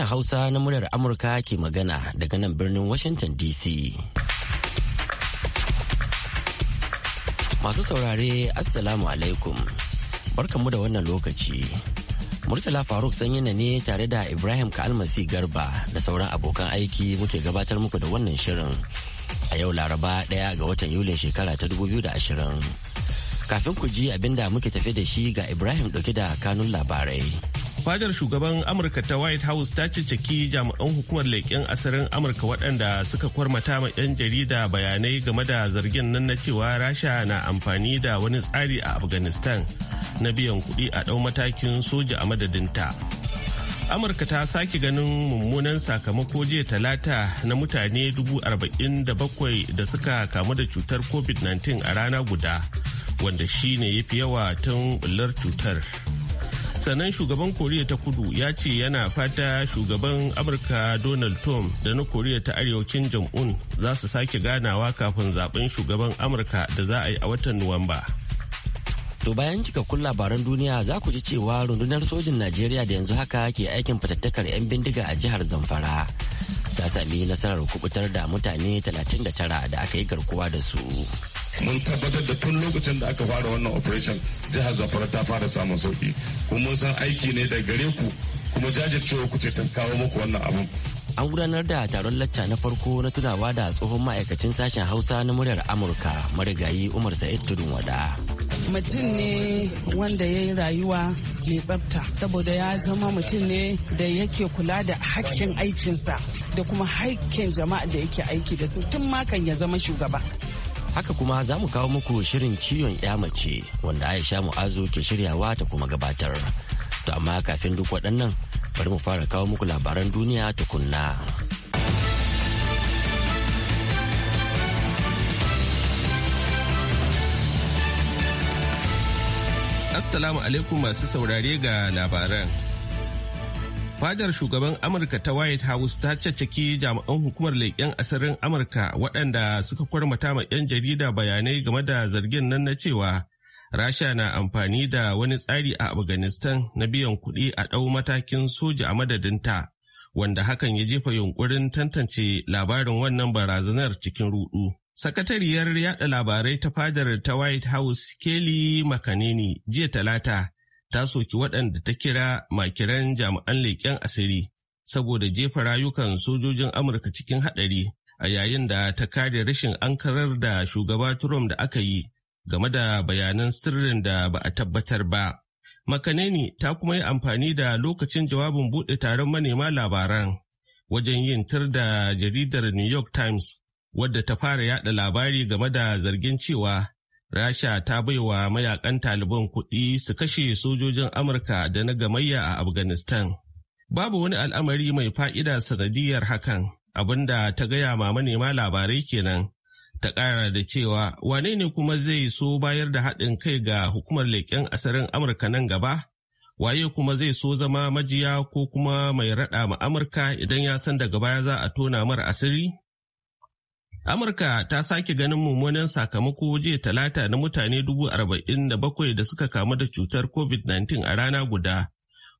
sashen Hausa na muryar Amurka ke magana daga nan birnin Washington DC. Masu saurare Assalamu alaikum. Barkanmu da wannan lokaci. Murtala Faruk sanyi na ne tare da Ibrahim Kalmasi Garba da sauran abokan aiki muke gabatar muku da wannan shirin. A yau Laraba ɗaya ga watan Yulin shekara ta 2020. Kafin ku ji abinda muke tafe da shi ga Ibrahim ɗauke da kanun labarai. fadar shugaban amurka ta white house ta ciki jami'an hukumar leƙen asirin amurka waɗanda suka kwarmata ma 'yan jarida bayanai game da zargin nan na cewa rasha na amfani da wani tsari a afghanistan na biyan kuɗi a ɗau matakin soja a madadinta amurka ta sake ganin mummunan sakamako jiya talata na mutane 47 da suka kamu da cutar covid-19 a rana guda wanda shine ne fi yawa tun cutar. sannan shugaban koriya ta kudu ya ce yana fata shugaban amurka donald trump da na koriya ta arewacin jam'un za su sake ganawa kafin zaben shugaban amurka da za a yi a watan nuwamba to bayan kun labaran duniya za ku ji cewa rundunar sojin najeriya da yanzu haka ke aikin fatattakar 'yan bindiga a jihar zamfara ta sami nasarar kubutar da mutane 39 da aka yi garkuwa da su mun tabbatar da tun lokacin da aka fara wannan operation jihar zamfara ta fara samun sauki kuma mun san aiki ne da gare ku kuma jajircewa ku ce ta kawo muku wannan abun an gudanar da taron lacca na farko na tunawa da tsohon ma'aikacin sashen hausa na muryar amurka marigayi umar sa'id tudun wada mutum ne wanda ya yi rayuwa mai tsafta saboda ya zama mutum ne da yake kula da hakkin aikinsa da kuma hakkin jama'a da yake aiki da su tun makan ya zama shugaba Haka kuma za mu kawo muku shirin ciwon mace wanda Aisha Mu'azu ke shiryawa ta kuma gabatar. To amma kafin duk waɗannan bari mu fara kawo muku labaran duniya tukunna. Assalamu alaikum masu saurare ga labaran. fadar shugaban amurka ta white house ta caccaki jami'an hukumar leƙen asirin amurka waɗanda suka kwarmata ma 'yan jarida bayanai game da zargin nan na cewa rasha na amfani da wani tsari a afghanistan na biyan kuɗi a ɗau matakin soja a madadinta wanda hakan ya jefa yunkurin tantance labarin wannan barazanar cikin rudu. sakatariyar yada labarai ta fadar ta white house kelly makanini jiya talata ta soki waɗanda ta kira makiran jami'an leƙen asiri saboda jefa rayukan sojojin Amurka cikin haɗari a yayin da ta kare rashin ankarar da shugaba Trump da aka yi game da bayanan sirrin da ba a tabbatar ba. Makaneni ta kuma yi amfani da lokacin jawabin buɗe taron manema labaran wajen yin tur da jaridar New York Times wadda ta fara yada labari game da zargin cewa Rasha ta baiwa mayakan Taliban kuɗi su kashe sojojin Amurka da na gamayya a Afghanistan. Babu wani al'amari mai fa'ida sanadiyar hakan, abinda ta gaya ma manema labarai kenan. Ta ƙara da cewa wane ne kuma zai so bayar da haɗin kai ga hukumar leƙen asirin Amurka nan gaba? Waye kuma zai so zama majiya ko kuma mai raɗa ma Amurka idan ya san daga baya za a tona mara asiri? Amurka ta sake ganin mummunan sakamako jiya talata na mutane dubu arba'in da bakwai da suka kamu da cutar COVID-19 a rana guda,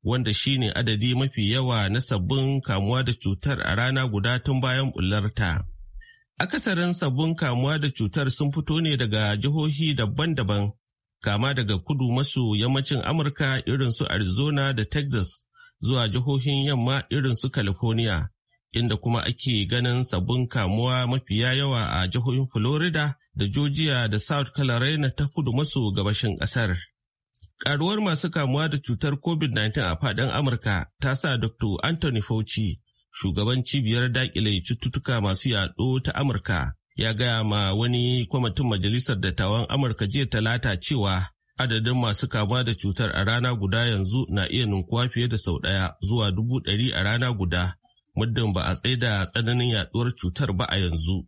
wanda shine adadi mafi yawa na sabbin kamuwa da cutar a rana guda tun bayan bullarta. Akasarin sabbin kamuwa da cutar sun fito ne daga jihohi daban-daban, kama daga kudu maso yammacin Amurka irin su Arizona da Texas zuwa jihohin yamma irin su California. inda kuma ake ganin sabbin kamuwa mafiya yawa a jihohin Florida da Georgia da South Carolina ta kudu maso gabashin ƙasar. Karuwar masu kamuwa da cutar COVID-19 a faɗin Amurka ta sa Dr. Anthony Fauci, shugaban cibiyar daƙile cututtuka masu yaɗo ta Amurka, ya gaya ma wani kwamitin Majalisar Dattawan Amurka jiya talata cewa adadin masu kamuwa da cutar a rana guda yanzu na iya ninkuwa fiye da sau ɗaya zuwa dubu ɗari a rana guda. muddin ba a tsaida tsananin yaduwar cutar ba a yanzu.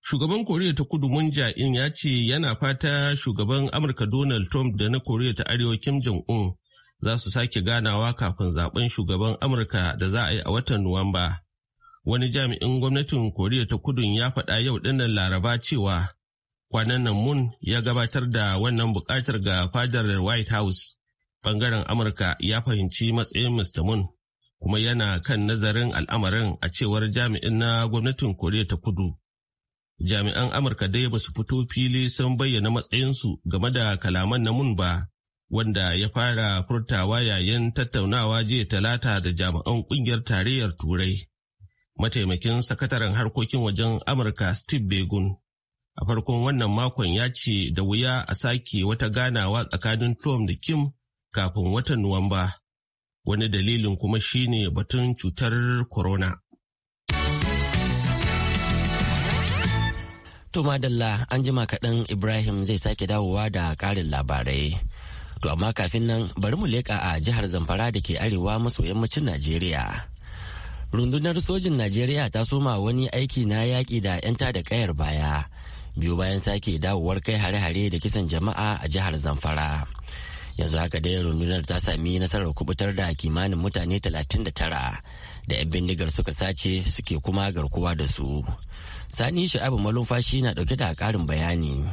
Shugaban Koriya ta Kudu Mun in ya ce yana fata shugaban Amurka Donald Trump da na Koriya ta Arewa Kim Jong-un za su sake ganawa kafin zaben shugaban Amurka da za a yi a watan Nuwamba. Wani jami'in gwamnatin Koriya ta Kudu ya faɗa yau dinnan Laraba cewa kwanan nan Mun ya gabatar da wannan buƙatar ga fadar White House. Bangaren Amurka ya fahimci matsayin Mr. Mun kuma yana kan nazarin al'amarin a cewar jami'in na gwamnatin Koriya ta kudu. Jami'an Amurka dai ba su fito fili sun bayyana matsayinsu game da kalaman na mun ba, wanda ya fara furtawa yayin tattaunawa jiya talata da jami'an kungiyar tarayyar Turai. Mataimakin sakataren harkokin wajen Amurka Steve Begun a farkon wannan makon ya ce da wuya a sake wata ganawa tsakanin Trump da Kim kafin watan Nuwamba. wani dalilin kuma shine batun cutar corona. To madalla an jima kaɗan Ibrahim zai sake dawowa da ƙarin labarai. To amma kafin nan bari mu leƙa a jihar Zamfara da ke arewa maso yammacin Najeriya. Rundunar sojin Najeriya ta soma wani aiki na yaƙi da 'yan da kayar baya. Biyu bayan sake dawowar kai hare-hare da kisan jama'a a jihar Zamfara. yanzu haka dai rundunar ta sami nasarar kubutar da kimanin mutane 39 da 'yan bindigar suka sace suke kuma garkuwa da su sani sha'abu malumfashi na dauke da karin bayani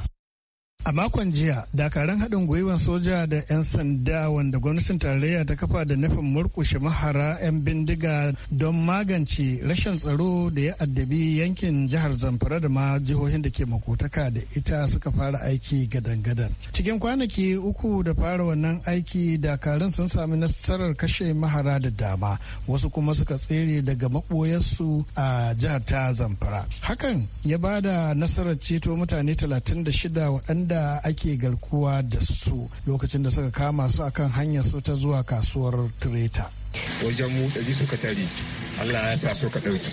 A makon jiya, dakaran haɗin gwiwar soja da 'yan sanda wanda gwamnatin tarayya ta kafa da nufin murkushe mahara 'yan bindiga don magance rashin tsaro da ya addabi yankin jihar Zamfara da ma jihohin da ke makotaka da ita suka fara aiki gadan-gadan. Cikin kwanaki uku da fara wannan aiki, dakarun sun sami nasarar kashe mahara da dama, wasu kuma suka tsere daga maɓoyarsu a jihar ta Zamfara. Hakan ya ba da nasarar ceto mutane 36 waɗanda da ake garkuwa da su lokacin da suka kama su akan hanyar su ta zuwa kasuwar treta Wajen mu ɗari suka tari Allah ya sa suka ɗauki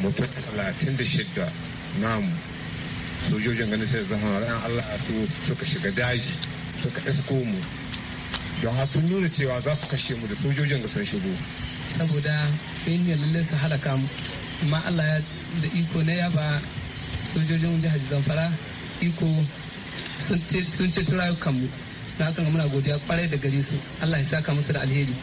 mutum talatin da shidda namu sojojin ganin sai zama ran Allah su suka shiga daji suka isko mu don har sun nuna cewa za su kashe mu da sojojin da sun shigo. Saboda sai ne lallai su halaka mu, amma Allah ya da iko na yaba sojojin jihar Zamfara iko sun ce rayukanmu na haka muna godiya kwarai da gare su allah ya saka musu da alheri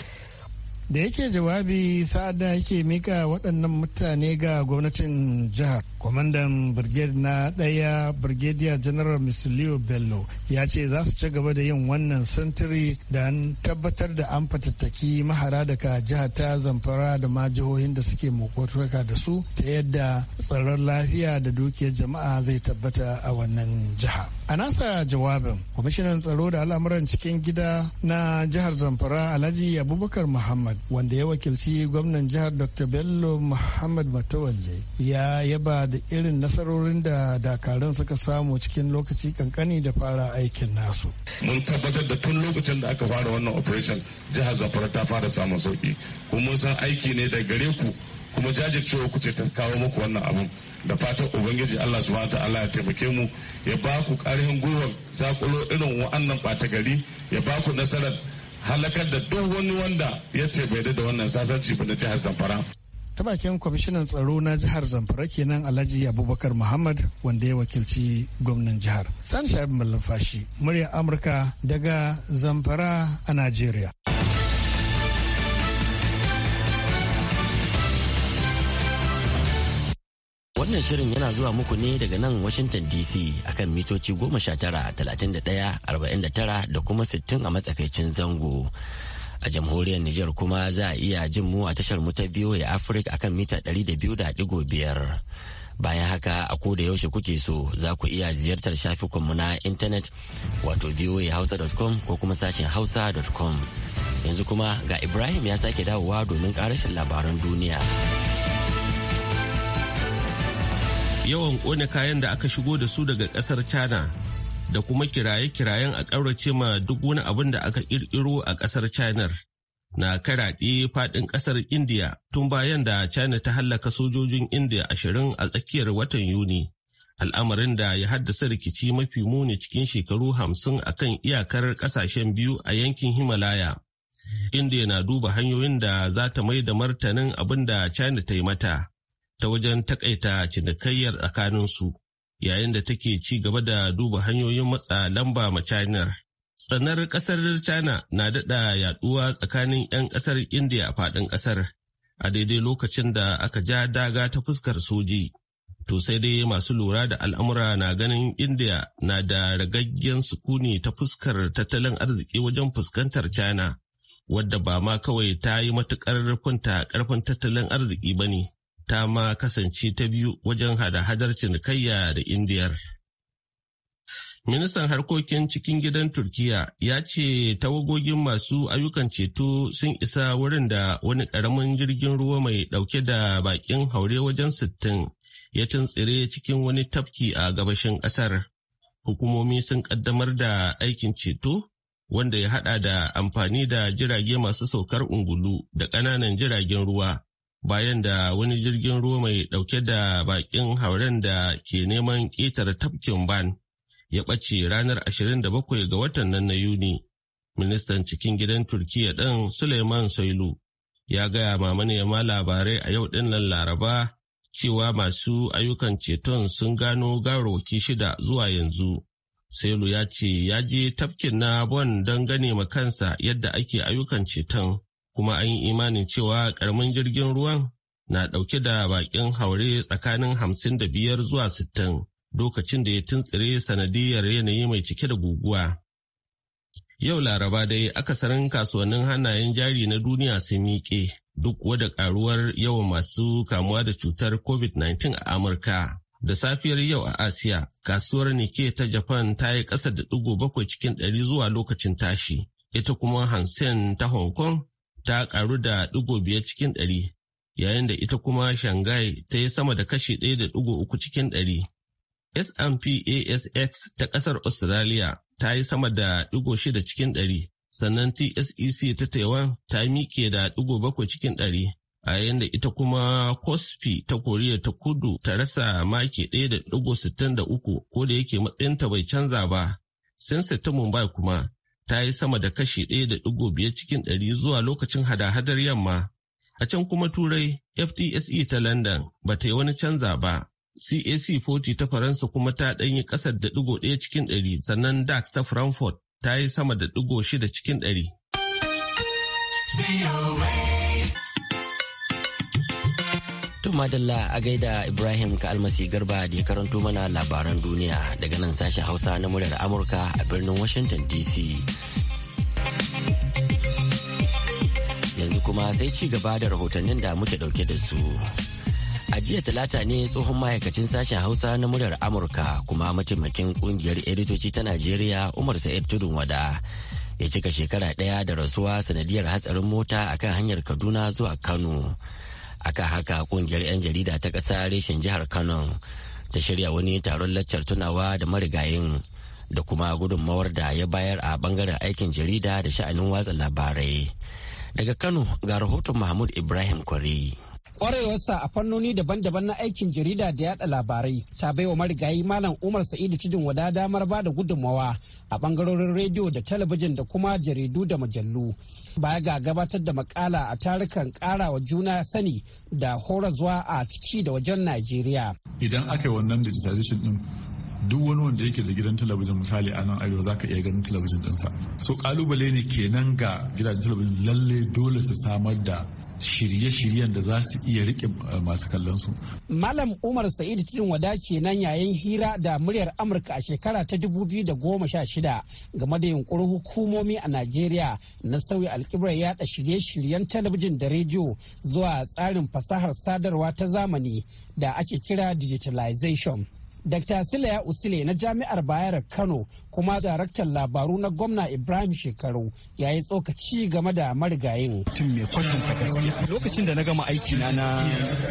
da yake jawabi sa'ada yake mika waɗannan mutane ga gwamnatin jihar kwamandan brigade na ɗaya brigadier general mr leo bello ya ce za su ci gaba da yin wannan sintiri da tabbatar da an fatattaki mahara daga jihar ta zamfara da ma jihohin da suke mokotoka da su ta yadda tsaron lafiya da dukiyar jama'a zai tabbata a wannan jiha a nasa jawabin kwamishinan tsaro da al'amuran cikin gida na jihar zamfara alhaji abubakar muhammad wanda ya wakilci gwamnan jihar dr bello muhammad matawalle ya yaba da irin nasarorin da dakarun suka samu cikin lokaci kankani da fara aikin nasu. Mun tabbatar da tun lokacin da aka fara wannan operation jihar Zamfara ta fara samun sauki. Kuma mun san aiki ne da gare ku kuma jajircewa ku ce ta kawo muku wannan abun. Da fatan Ubangiji Allah su wata ta'ala ya taimake mu ya ba ku ƙarfin gwiwar zakulo irin wa'annan ɓata gari ya ba ku nasarar halakar da duk wani wanda ya ce bai da wannan sasanci ba na jihar Zamfara. ta bakin kwamishinan tsaro na jihar zamfara kenan alhaji abubakar muhammad wanda ya wakilci gwamnan jihar sani shabi fashi murya amurka daga zamfara a nigeria. wannan shirin yana zuwa muku ne daga nan washington dc akan mitoci 19 31 49 da kuma 60 a matsakaicin zango a jamhuriyar Nijar kuma za a iya jin mu a tashar mu ta VOA Africa akan mita ɗari da 200.5 bayan haka a ko da yaushe kuke so za ku iya ziyartar shafukanmu na intanet wato voahausa.com ko kuma sashen hausa.com yanzu kuma ga Ibrahim ya sake dawowa domin karashin labaran duniya. Yawan kone kayan da aka shigo da su daga kasar China da kuma kiraye-kirayen a ƙaurace ma duk wani abin da aka ƙirƙiro a ƙasar China na karaɗe faɗin ƙasar India tun bayan da China ta hallaka sojojin India ashirin a tsakiyar watan Yuni. Al'amarin da ya haddasa rikici mafi muni cikin shekaru hamsin a kan iyakar ƙasashen biyu a yankin Himalaya. India na duba hanyoyin da za ta mai da martanin abin da China ta yi mata ta wajen takaita cinikayyar tsakaninsu. yayin da take ci gaba da duba hanyoyin matsa lamba ma China. Tsanar kasar China na daɗa yaduwa tsakanin 'yan kasar India a faɗin kasar a daidai lokacin da aka ja daga ta fuskar soji. To sai dai masu lura da al'amura na ganin India na da ragaggen sukuni ta fuskar tattalin arziki wajen fuskantar China, wadda ba ma kawai ta yi matukar rufunta karfin tattalin arziki ba ne, ta ma kasance ta biyu wajen hada-hadar cinikayya da indiyar. Ministan harkokin cikin gidan Turkiya ya ce tawagogin masu ayyukan ceto sun isa wurin da wani ƙaramin jirgin ruwa mai ɗauke da baƙin haure wajen sittin ya tuntsire cikin wani tafki a gabashin ƙasar. Hukumomi sun ƙaddamar da aikin ceto wanda ya haɗa da amfani da jirage masu saukar ungulu da ƙananan jiragen ruwa bayan da wani jirgin ruwa mai ɗauke da bakin hauren da ke neman ƙetar tafkin ban ya ɓace ranar 27 ga watan nan na Yuni. Ministan cikin gidan Turkiya ɗin Suleiman Soilu ya gaya ma manema labarai a yau ɗin nan Laraba cewa masu ayyukan ceton sun gano gawarwaki shida zuwa yanzu. Selu ya ce ya je tafkin na Bon don gane ma kansa yadda ake ayyukan ceton kuma an yi imanin cewa karamin jirgin ruwan na ɗauke da bakin haure tsakanin hamsin da biyar zuwa sittin lokacin da ya tuntsire sanadiyar yanayi mai cike da guguwa. Yau Laraba dai aka sarin kasuwannin hannayen jari na duniya sun miƙe duk wada karuwar yawan masu kamuwa da cutar COVID-19 a Amurka. Da safiyar yau a Asiya, kasuwar Nike ta Japan ta yi ƙasa da ɗigo bakwai cikin ɗari zuwa lokacin tashi, ita kuma Hansen ta Hong Kong ta karu da digo biyar cikin ɗari yayin da ita kuma shanghai ta yi sama da kashi ɗaya da digo uku cikin ɗari smpasx ta ƙasar Australia ta yi sama da digo shida cikin ɗari, sannan TSEC ta Taiwan ta miƙe da digo bakwai cikin ɗari, a yayin da ita kuma Kospi ta Koriya ta kudu ta rasa maki ɗaya da digo sittin da uku ko da yake matsayinta bai canza ba. Sensex ta Mumbai kuma ta yi sama da kashi ɗaya da ɗigo biyar cikin ɗari zuwa lokacin hada-hadar yamma. A can kuma Turai, FTSE ta London ba ta yi wani canza ba. CAC 40 ta Faransa kuma ta ɗanyi ƙasar da ɗigo ɗaya cikin ɗari sannan DAX ta Frankfurt ta yi sama da ɗigo shida cikin ɗari. To madalla a gaida Ibrahim ka almasi garba da ya karanto mana labaran duniya daga nan sashen Hausa na muryar Amurka a birnin Washington DC. Yanzu kuma sai ci gaba da rahotannin da muke dauke da su. A jiya talata ne tsohon ma'aikacin sashen Hausa na muryar Amurka kuma mataimakin kungiyar editoci ta Najeriya Umar Sa'id Tudun Wada. ya cika shekara ɗaya da rasuwa sanadiyar hatsarin mota akan hanyar Kaduna zuwa Kano. akan haka kungiyar 'yan jarida ta ƙasa reshen jihar kano ta shirya wani taron laccar tunawa da marigayin da kuma gudunmawar da ya bayar a bangaren aikin jarida da sha'anin watsa labarai daga kano ga rahoton mahmud ibrahim kwari Kwarewarsa a fannoni daban-daban na aikin jarida da yada labarai ta bai wa marigayi Malam Umar Sa'idu cidin wada damar ba da gudunmawa a bangarorin rediyo da talabijin da kuma jaridu da majallu Baya ga gabatar da makala a tarukan karawa juna sani da horazwa a ciki da wajen Najeriya. Idan aka yi wannan digitization din duk wani wanda yake da gidan talabijin misali a nan arewa zaka iya ganin talabijin ɗinsa so kalubale ne kenan ga gidajen talabijin lalle dole su samar da shirye-shiryen da za su iya rike eh, masu kallon su. Malam Umar Sa'id Tudun Wada ke nan yayin hira da muryar Amurka a shekara ta 2016 game da yunkurin hukumomi a Najeriya na sauya alkibrar yada shirye-shiryen talabijin da rediyo zuwa tsarin fasahar sadarwa ta zamani da ake kira digitalization. Dr. Silaya Usile na Jami'ar Bayar Kano kuma daraktan labaru na gwamna Ibrahim Shekaru ya yi tsokaci game da marigayin. Tun mai kwatanta gaskiya. Lokacin da na gama aiki na na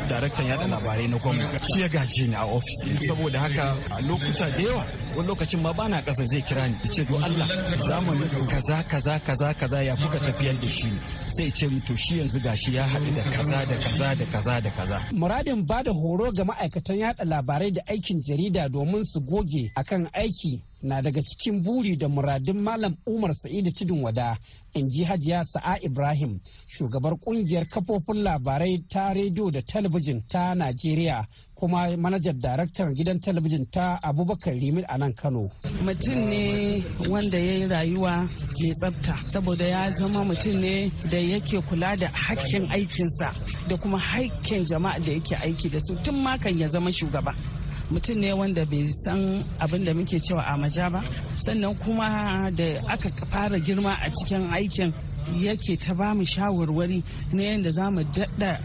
daraktan yada labarai na gwamna shi ya gaje ni a ofis. Saboda haka a lokuta da yawa wani lokacin ma bana ƙasa zai kira ni ce do Allah zamanin kaza kaza kaza kaza ya kuka tafiyar da shi sai ce to shi yanzu gashi ya haɗu da kaza da kaza da kaza da kaza. Muradin ba da horo ga ma'aikatan yada labarai da aikin jari jarida domin su goge akan aiki na daga cikin buri da muradin malam umar sa'idu tudun wada in ji hajiya sa'a ibrahim shugabar kungiyar kafofin labarai ta rediyo da talabijin ta najeriya kuma manajar daraktar gidan talabijin ta abubakar limit a nan kano mutum ne wanda ya yi rayuwa mai tsabta saboda ya zama mutum ne da yake kula da hakkin aikinsa da kuma hakkin jama'a da yake aiki da su tun makan ya zama shugaba mutum ne wanda bai san abin da muke cewa a maja ba sannan kuma da aka fara girma a cikin aikin yake ta bamu shawarwari na yadda za mu daɗa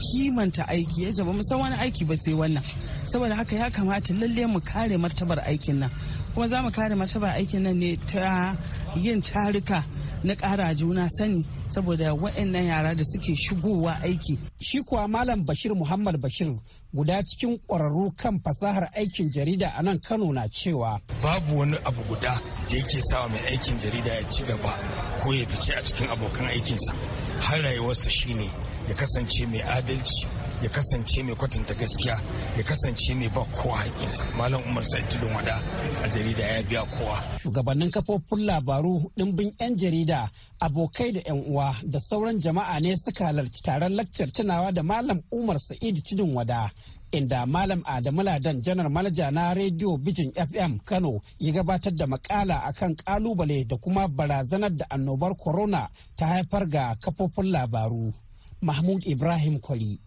kimanta aiki ya zaba mu san wani aiki ba sai wannan saboda haka ya kamata lalle mu kare martabar aikin nan kuma za mu kare martabar aikin nan ne ta yin tarika na kara juna sani saboda waɗannan yara da suke shigowa aiki. Shi kuwa Malam Bashir Muhammad Bashir guda cikin ƙwararru kan fasahar aikin jarida a nan Kano na cewa. Babu wani abu guda da yake sawa mai aikin jarida ya ci gaba ko ya fice a cikin abokan aikinsa. Har rayuwarsa shine ya kasance mai adalci ya kasance mai kwatanta gaskiya ya kasance mai ba kowa haƙƙinsa malam umar sa'idulun wada a jarida ya biya kowa shugabannin kafofin labaru dimbin 'yan jarida abokai da 'yan uwa da sauran jama'a ne suka halarci taron lakcar tunawa da malam umar sa'id tudun wada inda malam adamu ladan janar manaja na rediyo bijin fm kano ya gabatar da makala akan kalubale da kuma barazanar da annobar corona ta haifar ga kafofin labaru mahmud ibrahim Kwali,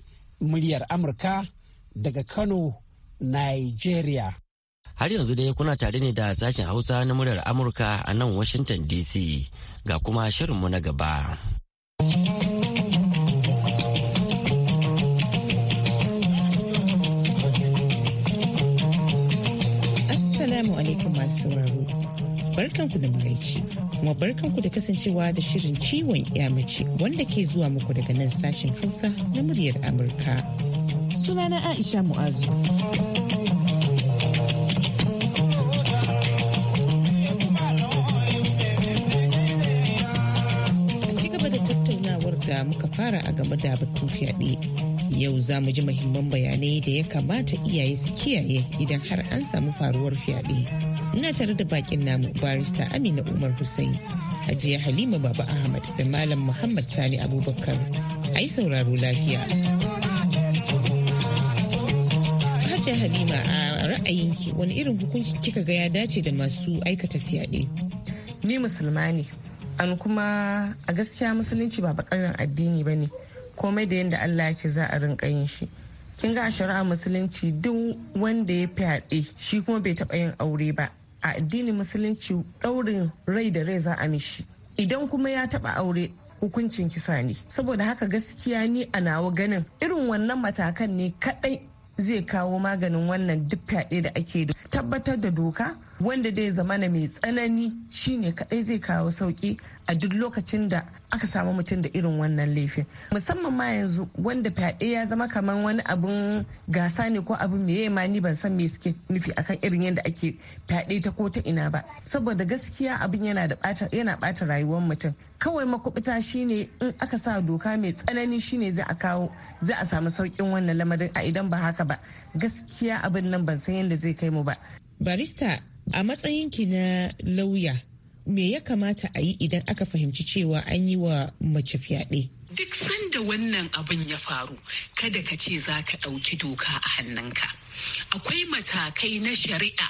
muryar amurka daga kano nigeria har yanzu dai kuna tare ne da sashen hausa na muryar amurka a nan washington dc ga kuma shirinmu na gaba assalamu alaikum masu sauraro barkanku da maraici kuma barkanku da kasancewa da shirin ciwon mace wanda ke zuwa muku daga nan sashen hausa na muryar amurka sunana aisha mu'azu da muka fara a game da batun fyaɗe. Yau za mu ji mahimman bayanai da ya kamata iyaye su kiyaye idan har an samu faruwar fyaɗe. ina tare da bakin namu barista amina umar hussein hajiya halima baba ahmad da malam muhammad sani abubakar a yi sauraro lafiya hajiya halima a ra'ayinki wani irin hukunci kika ga ya dace da masu aikata fyaɗe ni musulma ne an kuma a gaskiya musulunci ba bakarren addini ba ne komai da yadda allah ya ce za a rinka yin shi kin ga a shari'a musulunci duk wanda ya fyaɗe shi kuma bai taɓa yin aure ba a addinin musulunci ɗaurin rai da rai za a mishi idan kuma ya taɓa aure hukuncin kisa ne saboda haka gaskiya ni a nawa ganin irin wannan matakan ne kaɗai zai kawo maganin wannan duk fyaɗe da ake da tabbatar da doka wanda dai zamana mai tsanani shine kaɗai zai kawo sauki a duk lokacin da aka samu mutum da irin wannan laifin musamman ma yanzu wanda fyaɗe ya zama kamar wani abun gasa ne ko abin meye ma ni ban san me suke nufi akan irin yadda ake fyaɗe ta ko ta ina ba saboda gaskiya abin yana da yana ɓata rayuwar mutum kawai makubuta shine in aka sa doka mai tsanani shine zai a kawo zai a samu saukin wannan lamarin a idan ba haka ba gaskiya abin nan ban san yadda zai kai mu ba barista a matsayinki na lauya me ya kamata a yi idan aka fahimci cewa an yi wa mace fyaɗe? Duk sanda wannan abin ya faru, kada ka ce za ka ɗauki doka a hannunka. Akwai matakai na shari'a,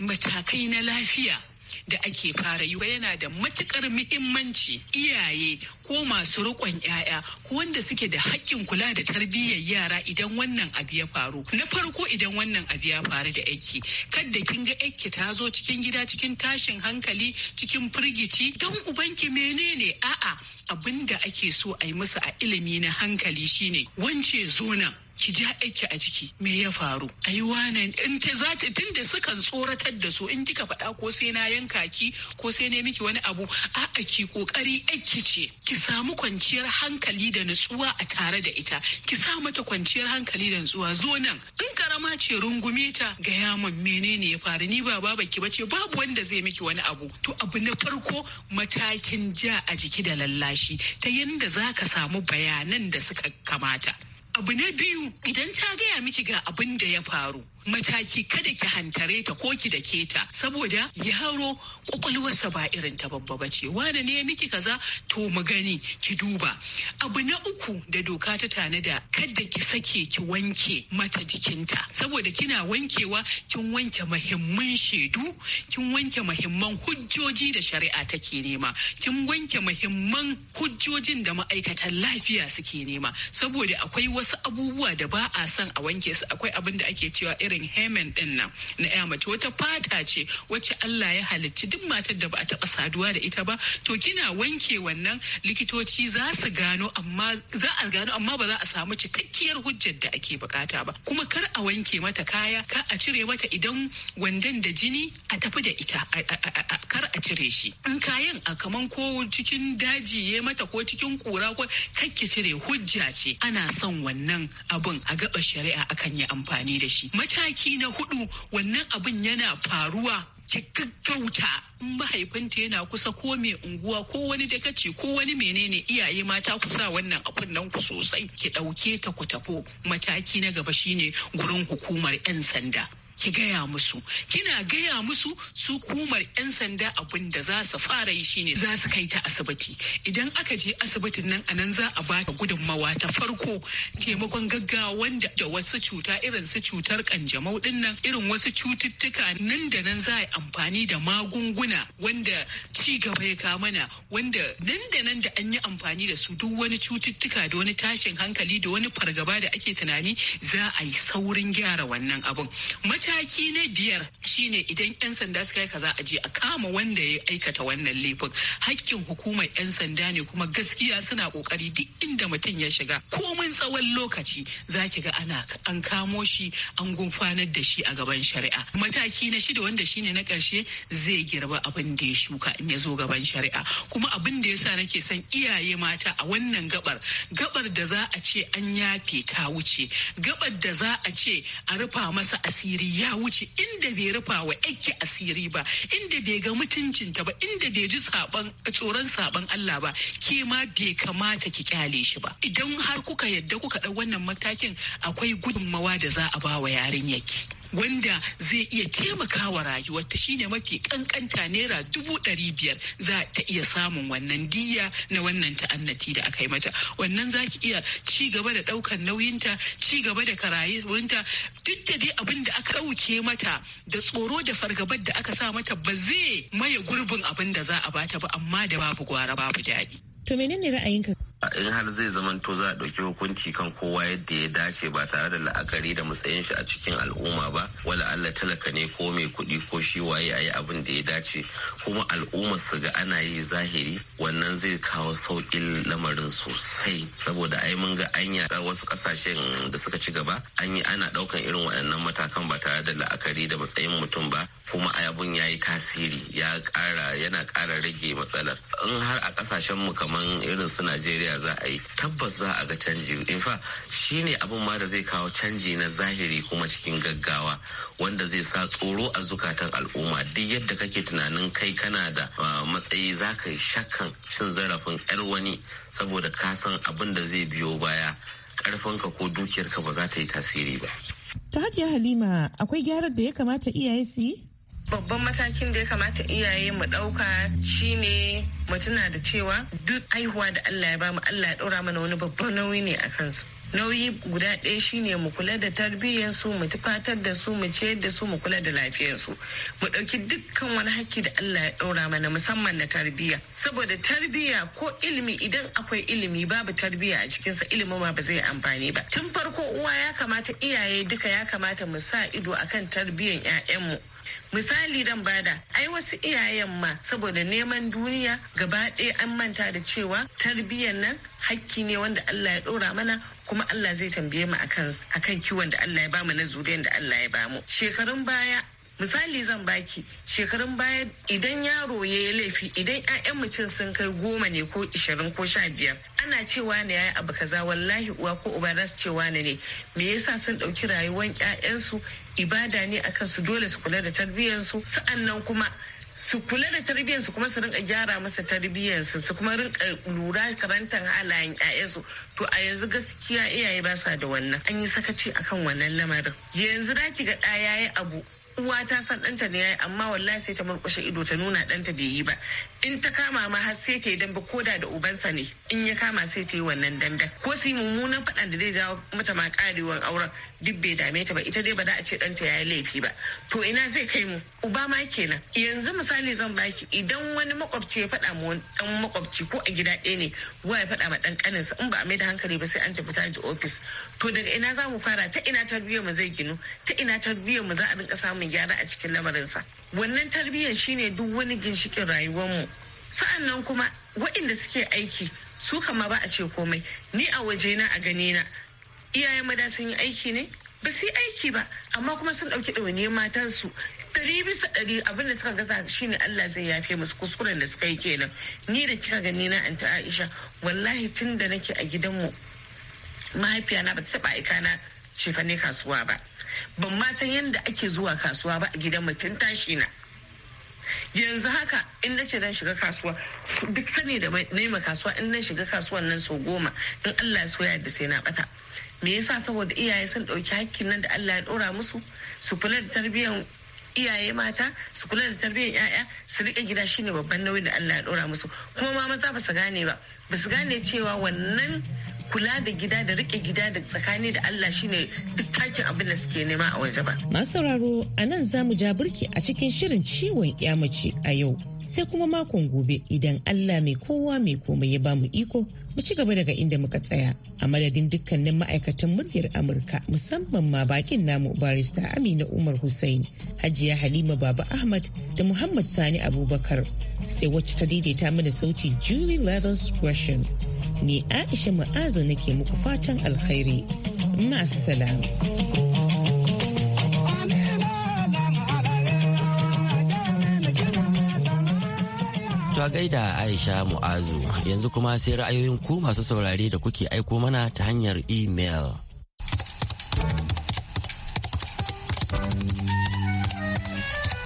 matakai na lafiya. da ake fara yi yana da matukar muhimmanci iyaye ko masu riƙon 'ya'ya ko wanda suke da hakkin kula da tarbiyyar yara idan wannan abu ya faru na farko idan wannan abu ya faru da aiki kadda kin ga aiki ta zo cikin gida cikin tashin hankali cikin firgici don ubanki menene a'a abin da ake so a yi musu a ilimi na hankali shine wance zo nan ki ja aiki a jiki me ya faru ai wannan in ta za ta tunda sukan tsoratar da su in kika faɗa ko sai na yanka ki ko sai ne miki wani abu a'a ki kokari aiki ce ki samu kwanciyar hankali da nutsuwa a tare da ita ki sa mata kwanciyar hankali da nutsuwa zo nan in karama ce rungume ta ga yaman menene ya faru ni ba baba ki bace babu wanda zai miki wani abu to abu na farko matakin ja a jiki da lallashi ta yanda za ka samu bayanan da suka kamata abu na biyu idan ta gaya miki ga abin da ya faru mataki kada ki hantare ta ko ki dake ta saboda yaro kwakwalwarsa ba irin ta babba ba ce wane ne miki kaza to mu gani ki duba abu na uku da doka ta tanada kada ki sake ki wanke mata jikinta saboda kina wankewa kin wanke mahimman shaidu kin wanke mahimman hujjoji da shari'a take nema kin wanke mahimman hujjojin da ma'aikatan lafiya suke nema saboda akwai wasu abubuwa da ba a son a wanke su akwai abin da ake cewa irin irin hemen din nan na ya mace wata fata ce wacce Allah ya halicci duk matar da ba a taba saduwa da ita ba to kina wanke wannan likitoci za su gano amma za a gano amma ba za a samu cikakkiyar hujjar da ake bukata ba kuma kar a wanke mata kaya ka a cire mata idan wandan da jini a tafi da ita kar a cire shi in kayan a kaman ko cikin daji ya mata ko cikin kura ko kakki cire hujja ce ana son wannan abun a gaba shari'a akan yi amfani da shi mata mataki na hudu wannan abin yana faruwa ki gaggauta in mahaifinta yana kusa ko mai unguwa ko wani da kace ko wani menene iyaye mata ku sa wannan a kunnen ku sosai ki dauke ta ku tafo mataki na gaba shine gurin hukumar yan sanda ki gaya musu kina gaya musu su kumar 'yan sanda abin da za su fara yi shine za su kai ta asibiti idan aka je asibitin nan anan za a ba ta gudunmawa ta farko taimakon gaggawa wanda da wasu cuta irin su cutar kanjamau din nan irin wasu cututtuka nan da nan za a yi amfani da magunguna wanda ci gaba ya kamana wanda nan da nan da an yi amfani da su duk wani cututtuka da wani tashin hankali da wani fargaba da ake tunani za a yi saurin gyara wannan abun mataki na biyar shine idan 'yan sanda suka yi kaza a je a kama wanda ya aikata wannan laifin hakkin hukumar 'yan sanda ne kuma gaskiya suna kokari duk inda mutum ya shiga komai tsawon lokaci za ki ga ana an kamo shi an gumfanar da shi a gaban shari'a mataki na shida wanda shine na karshe zai girba abin da ya shuka in ya zo gaban shari'a kuma abin da yasa nake son iyaye mata a wannan gabar gabar da za a ce an yafe ta wuce gabar da za a ce a rufa masa asiri ya wuce inda bai rufa wa yake asiri ba inda bai ga mutuncinta ba inda bai ji saban tsoron saban Allah ba ke ma bai kamata ki kyale shi ba idan har kuka yadda kuka ɗau wannan matakin akwai gudunmawa da za a ba wa ki wanda zai iya taimakawa rayuwar ta shine mafi kankanta naira dubu ɗari biyar za ta iya samun wannan diya na wannan ta'annati da aka yi mata wannan za ki iya ci gaba da ɗaukar nauyinta ci gaba da karayinta duk da dai abin da aka ɗauke mata da tsoro da fargabar da aka sa mata ba zai maye gurbin abin da za a bata ba amma da babu gwara babu daɗi. To menene ra'ayinka in har zai zamanto za a ɗauki hukunci kan kowa yadda ya dace ba tare da la'akari da matsayin shi a cikin al'umma ba wala Allah talaka ne ko mai kuɗi ko shi waye a yi abin da ya dace kuma al'umma su ga ana yi zahiri wannan zai kawo sauƙin lamarin sosai saboda ai mun ga anya wasu ƙasashen da suka ci gaba an yi ana ɗaukan irin waɗannan matakan ba tare da la'akari da matsayin mutum ba kuma abun ya yi tasiri ya ƙara yana ƙara rage matsalar in har a ƙasashen mu kamar irin su Najeriya ya za a yi tabbas za a ga canji in fa shi ne abin ma da zai kawo canji na zahiri kuma cikin gaggawa wanda zai sa tsoro a zukatan al'umma duk yadda kake tunanin kai kana da ah, matsayi za ka yi shakkan cin zarafin 'yar wani saboda ka san abin da zai biyo baya karfanka ko dukiyarka ba za ta yi tasiri ba. Ta hajiya Halima akwai gyarar da ya kamata iyaye su yi? babban matakin da ya kamata iyaye mu ɗauka shine mu tuna da cewa duk aihuwa da Allah ya bamu Allah ya ɗora mana wani babban nauyi ne a kansu. Nauyi guda ɗaya shine mu kula da tarbiyyarsu mu tufatar da su mu ciyar da su mu kula da lafiyarsu mu ɗauki dukkan wani hakki da Allah ya ɗora mana musamman na tarbiyya saboda tarbiyya ko ilimi idan akwai ilimi babu tarbiyya a cikinsa ilimin ma ba zai amfani ba tun farko uwa ya kamata iyaye duka ya kamata mu sa ido akan tarbiyyar 'ya'yanmu misali dan bada ai wasu iyayen ma saboda neman duniya gaba ɗaya an manta da cewa tarbiyyar nan hakki ne wanda Allah ya ɗora mana kuma Allah zai tambaye mu akan kiwon da Allah ya bamu na zuriyar da Allah ya bamu shekarun baya misali zan baki shekarun baya idan yaro ya yi laifi idan 'ya'yan mutum sun kai goma ne ko ishirin ko sha biyar ana cewa ne ya yi abu kaza wallahi uwa ko uba za su cewa ne ne me yasa sun ɗauki rayuwar 'ya'yansu ibada ne a kansu dole su kula da tarbiyyarsu sa'annan kuma su kula da tarbiyyarsu kuma su rinka gyara masa tarbiyyarsu su kuma rinka lura karantar halayen 'ya'yansu to a yanzu gaskiya iyaye ba sa da wannan an yi sakaci akan wannan lamarin yanzu za ki ga ɗaya ya yi abu uwa ta san ɗanta ne yayi amma wallahi sai ta murƙushe ido ta nuna ɗanta bai yi ba in ta kama ma har sai ta yi dambe ko da ubansa ne in ya kama sai ta yi wannan dambe ko su yi mummunan faɗan da zai jawo mata ma ƙarewan auren duk bai dame ta ba ita dai ba za a ce danta ya yi laifi ba to ina zai kai mu uba ma kenan yanzu misali zan baki idan wani makwabci ya faɗa ma ɗan makwabci ko a gida ɗaya ne wa ya faɗa ma ɗan ƙaninsa in ba a mai da hankali ba sai an tafi ta ji ofis to daga ina za mu fara ta ina tarbiyyar mu zai ginu ta ina tarbiyyar mu za a rinka samun gyara a cikin lamarinsa wannan tarbiyyar shine duk wani ginshikin rayuwarmu sa'an nan kuma waɗanda suke aiki su kama ba a ce komai ni a waje na a gani na. iyayen mada sun yi aiki ne ba su yi aiki ba amma kuma sun ɗauki ɗawainiyar matansu ɗari bisa ɗari abin da suka gaza shi ne Allah zai yafe musu kuskuren da suka yi kenan ni da kika gani na anta Aisha wallahi tun da nake a gidanmu mahaifiya na ta taɓa aika na cefa ne kasuwa ba ban ma san yadda ake zuwa kasuwa ba a gidan mutum tashi na yanzu haka in na ce zan shiga kasuwa duk sani da nema kasuwa in na shiga kasuwan nan sau goma in Allah ya soya da sai na bata me yasa saboda iyaye sun ɗauki hakkin nan da Allah ya ɗora musu su kula da tarbiyyar iyaye mata su kula da tarbiyyar yaya su rike gida shine babban nauyin da Allah ya ɗora musu kuma ma maza ba su gane ba ba su gane cewa wannan kula da gida da rike gida da tsakani da Allah shine duk takin abin da suke nema a waje ba. Masu sauraro a nan za mu ja birki a cikin shirin ciwon mace a yau sai kuma makon gobe idan Allah mai kowa mai komai ya bamu iko mu ci gaba daga inda muka tsaya a madadin dukkanin ma'aikatan muryar Amurka musamman ma bakin namu barista Amina Umar Hussein, Hajiya Halima Baba Ahmad da Muhammad Sani Abubakar sai wacce ta daidaita mana sauti Julie levels question Ni Aisha Ma'azu nake muku fatan alkhairi. Ma'assalam. ka gaida Aisha Mu'azu yanzu kuma sai ra'ayoyin ku masu saurare da kuke aiko mana ta hanyar email.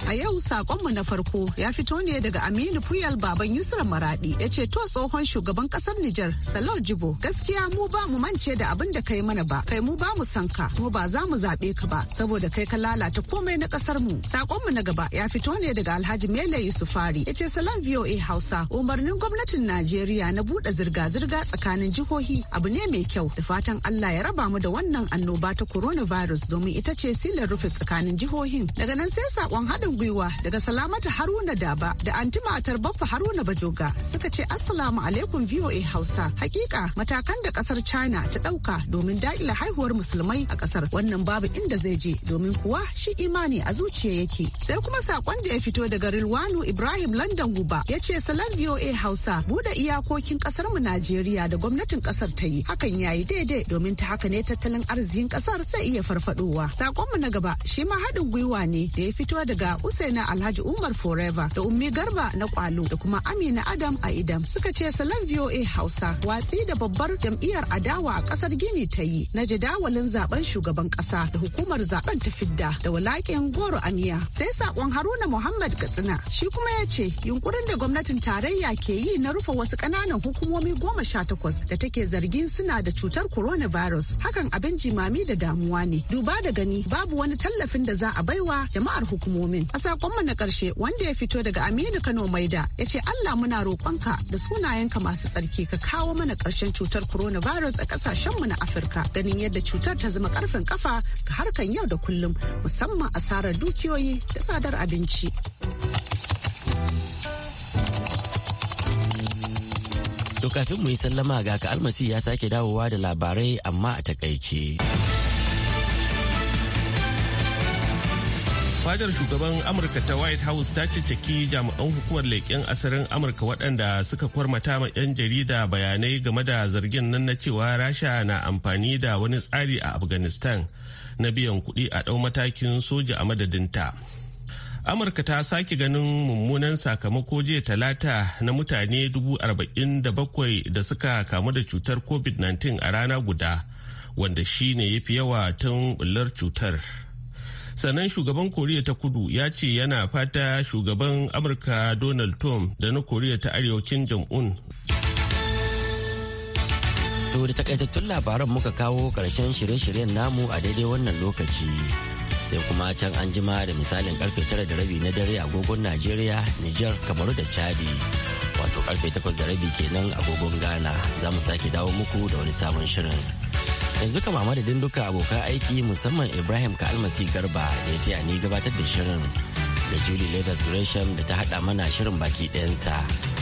A yau sakonmu na farko ya fito ne daga Aminu Puyal Baban Yusra Maradi ya ce to tsohon shugaban kasar Nijar Salo Jibo gaskiya mu ba mu mance da abin da kai mana ba kai mu ba mu san ka mu ba za mu zaɓe ka ba saboda kai ka lalata komai na ƙasar mu. Sakonmu na gaba ya fito ne daga Alhaji Mele Yusufari ya ce salon VOA Hausa umarnin gwamnatin Najeriya na buɗe zirga-zirga tsakanin jihohi abu ne mai kyau da fatan Allah ya raba mu da wannan annoba ta coronavirus domin ita ce silar rufe tsakanin jihohin. Daga nan sai saƙon haɗin gwiwa daga salamata Haruna Daba da matar babba Haruna Bajoga suka ce Assalamu alaikum VOA Hausa. Hakika matakan da kasar China ta dauka domin daƙila haihuwar musulmai a kasar wannan babu inda zai je domin kuwa shi imani a zuciya yake. Sai kuma sakon da ya fito daga Rilwanu Ibrahim London Guba ya ce Salam VOA Hausa bude iyakokin kasar mu Najeriya da gwamnatin kasar ta yi hakan ya yi daidai domin ta haka ne tattalin arzikin kasar zai iya farfadowa. Sakon mu na gaba shi ma haɗin gwiwa ne da ya fito daga Usaina Alhaji Umar Forever da Ummi Garba na Kwalo da kuma Amina Adam a Idam suka ce salon VOA Hausa watsi da babbar jam'iyyar adawa a kasar Gini ta yi na jadawalin zaben shugaban kasa da hukumar zaben ta fidda da walakin Goro Amiya. Sai sakon Haruna Muhammad Katsina shi kuma ya ce yunkurin da gwamnatin tarayya ke yi na rufe wasu ƙananan hukumomi goma sha takwas da take zargin suna da cutar coronavirus hakan abin jimami da damuwa ne duba da gani babu wani tallafin da za a baiwa jama'ar hukumomin A sakonmu na karshe wanda ya fito daga Aminu Kano Maida ya ce Allah muna roƙonka da sunayenka masu tsarki ka kawo mana ƙarshen cutar corona virus a ƙasashenmu na Afirka ganin yadda cutar ta zama ƙarfin kafa ga harkan yau da kullum musamman asarar dukiyoyi da tsadar abinci. To kafin mu yi sallama ga ka almasi ya sake dawowa da labarai amma a takaice. fadar shugaban amurka ta white house ta cicciki jami'an hukumar leƙen asirin amurka waɗanda suka kwarmata ma 'yan jarida bayanai game da zargin nan na cewa rasha na amfani da wani tsari a afghanistan na biyan kuɗi a ɗau matakin soja a madadinta amurka ta sake ganin mummunan sakamako jiya talata na mutane dubu arba'in da bakwai da suka kamu da cutar covid-19 a rana guda wanda shine ya fi yawa tun cutar. sannan shugaban koriya ta kudu ya ce yana fata shugaban amurka donald trump da na koriya ta arewacin jam'un to da takaitattun labaran muka kawo karshen shirye-shiryen namu a daidai wannan lokaci sai kuma can an jima da misalin karfe tara da rabi na dare agogon najeriya niger kamaru da chadi wato karfe takwas da rabi kenan agogon ghana za mu sake dawo muku da wani sabon shirin yanzu kama madadin duka abokan aiki musamman ibrahim ka almasi garba da ya taya ni gabatar da shirin da julie leathers gresham da ta hada mana shirin baki ɗayansa